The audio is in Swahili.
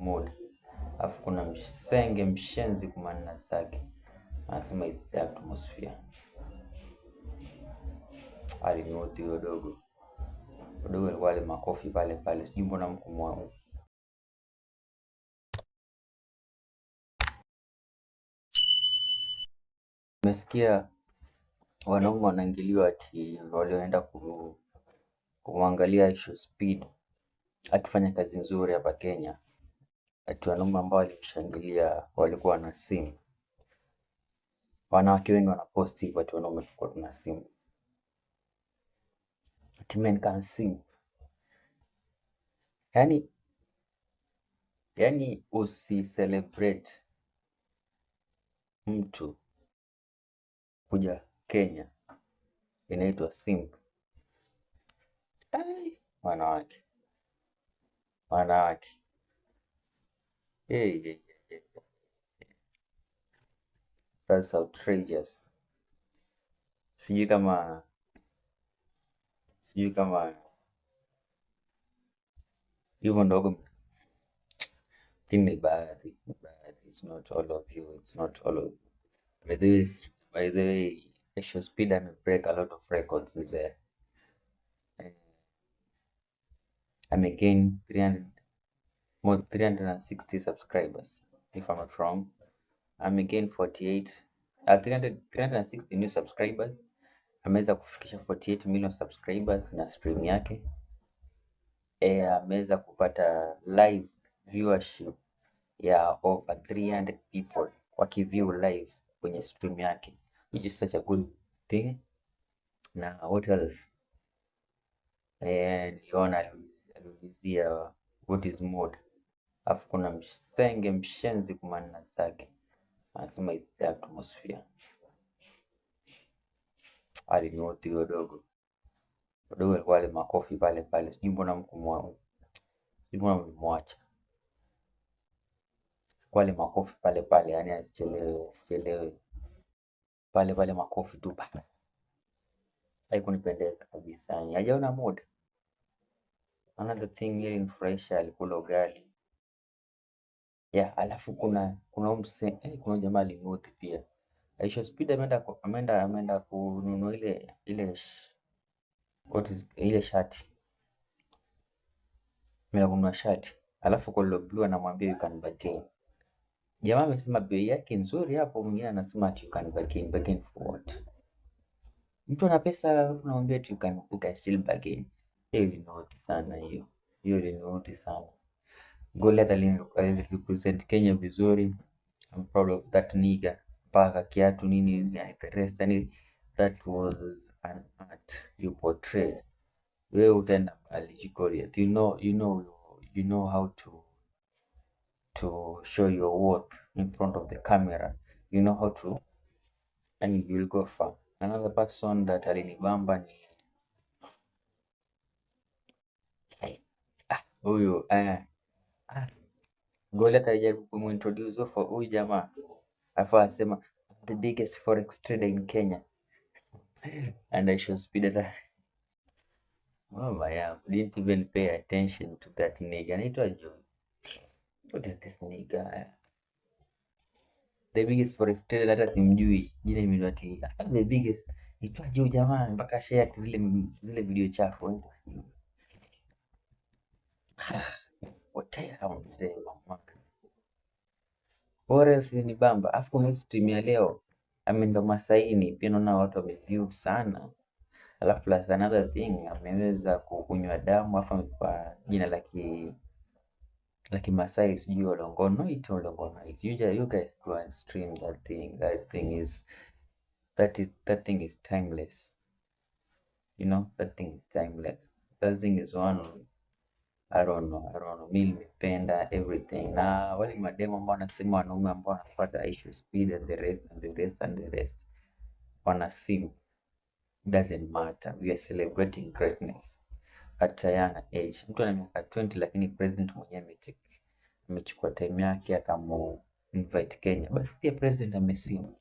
muda Alafu kuna msenge mshenzi kumanina zake anasema it's the atmosphere. Alinioti huyo dogo dogo, alikuwa ale makofi pale pale, sijui mbona mkumwa Mesikia wanaume wanaingiliwa ati walioenda kumwangalia Ishu Speed akifanya kazi nzuri hapa Kenya ati wanaume ambao walimshangilia walikuwa na simu. Wanawake wengi wanaposti hivyo ati wanaume tulikuwa tuna simu, ati men can sing. Yani, yani usicelebrate mtu kuja Kenya inaitwa simp. Wanawake, wanawake Yeah, yeah, yeah, yeah. That's outrageous. Sijui kama you come, hivyo ndogo, lakini ni baadhi baadhi. It's not all of you, it's not all of you. By the way, by the way, Asian Speed break a lot of records with there. I mean, gain 300 more than 360 subscribers, if I'm not wrong. I'm again 48 uh, 300, 360 new subscribers. Ameweza kufikisha 48 million subscribers na stream yake. E, ameweza kupata live viewership ya over 300 people wakiview live kwenye stream yake, which is such a good thing. Na what else? Eh, niliona aliulizia what is mode Alafu kuna msenge mshenzi kumanina zake anasema it's the atmosphere. Alinioti hiyo dogo dogo, alikuwa ale makofi pale pale, sijui mbona mkumwa, sijui mbona mlimwacha kwale makofi pale pale, yani asichelewe asichelewe pale pale, makofi tu pale. Haikunipendeza kabisa, yani hajaona muda. Another thing, ile nifurahisha alikula ugali Yeah, alafu kuna kuna umse, eh, kuna jamaa alinoti pia Aisha Speed ameenda ameenda ameenda kununua ile ile sh- what is, ile shati Mimi kununua shati, alafu kwa Blue anamwambia you can bargain. Jamaa amesema bei yake nzuri hapo, mwingine anasema you can bargain. Bargain for what? Mtu ana pesa alafu unamwambia you can, you can still bargain. Hiyo ni noti sana hiyo, hiyo ni noti sana. Goliath letter Kenya vizuri. I'm proud of that nigga. Paka kiatu nini na rest yani that was an art you portray. Wewe utaenda mbali jikoria. You know, you know, you know how to to show your work in front of the camera. You know how to and you will go far. Another person that alinibamba ni ah, huyu eh Ah. Goliath alijaribu kumintroduce for huyu jamaa, alafu asema the biggest forex trader in Kenya and I show speed at Mama ya didn't even pay attention to that nigga. Anaitwa John. What is this nigga? The biggest forex trader hata simjui. Jina imeniwati. Ah, the biggest. Itwaje jamaa mpaka share zile zile video chafu. Forest ni bamba. Afu kuna stream ya leo ameenda Masaini, pia naona watu wameview sana. Alafu plus another thing ameweza kukunywa damu afu amepa jina la ki la Kimasai sijui Olongono ito Olongono. You, you guys go and stream that thing. That thing is that is that thing is timeless. You know that thing is timeless. That thing is one I don't know, I don't know. Mi nimependa everything na wale mademo ambao wanasema wanaume ambao wanafuata I speed and the rest and the rest and the rest wana simu, doesn't matter, we are celebrating greatness at a young age. Mtu ana miaka 20 lakini president mwenyewe amechukua time yake akamu invite Kenya, basi pia president amesimu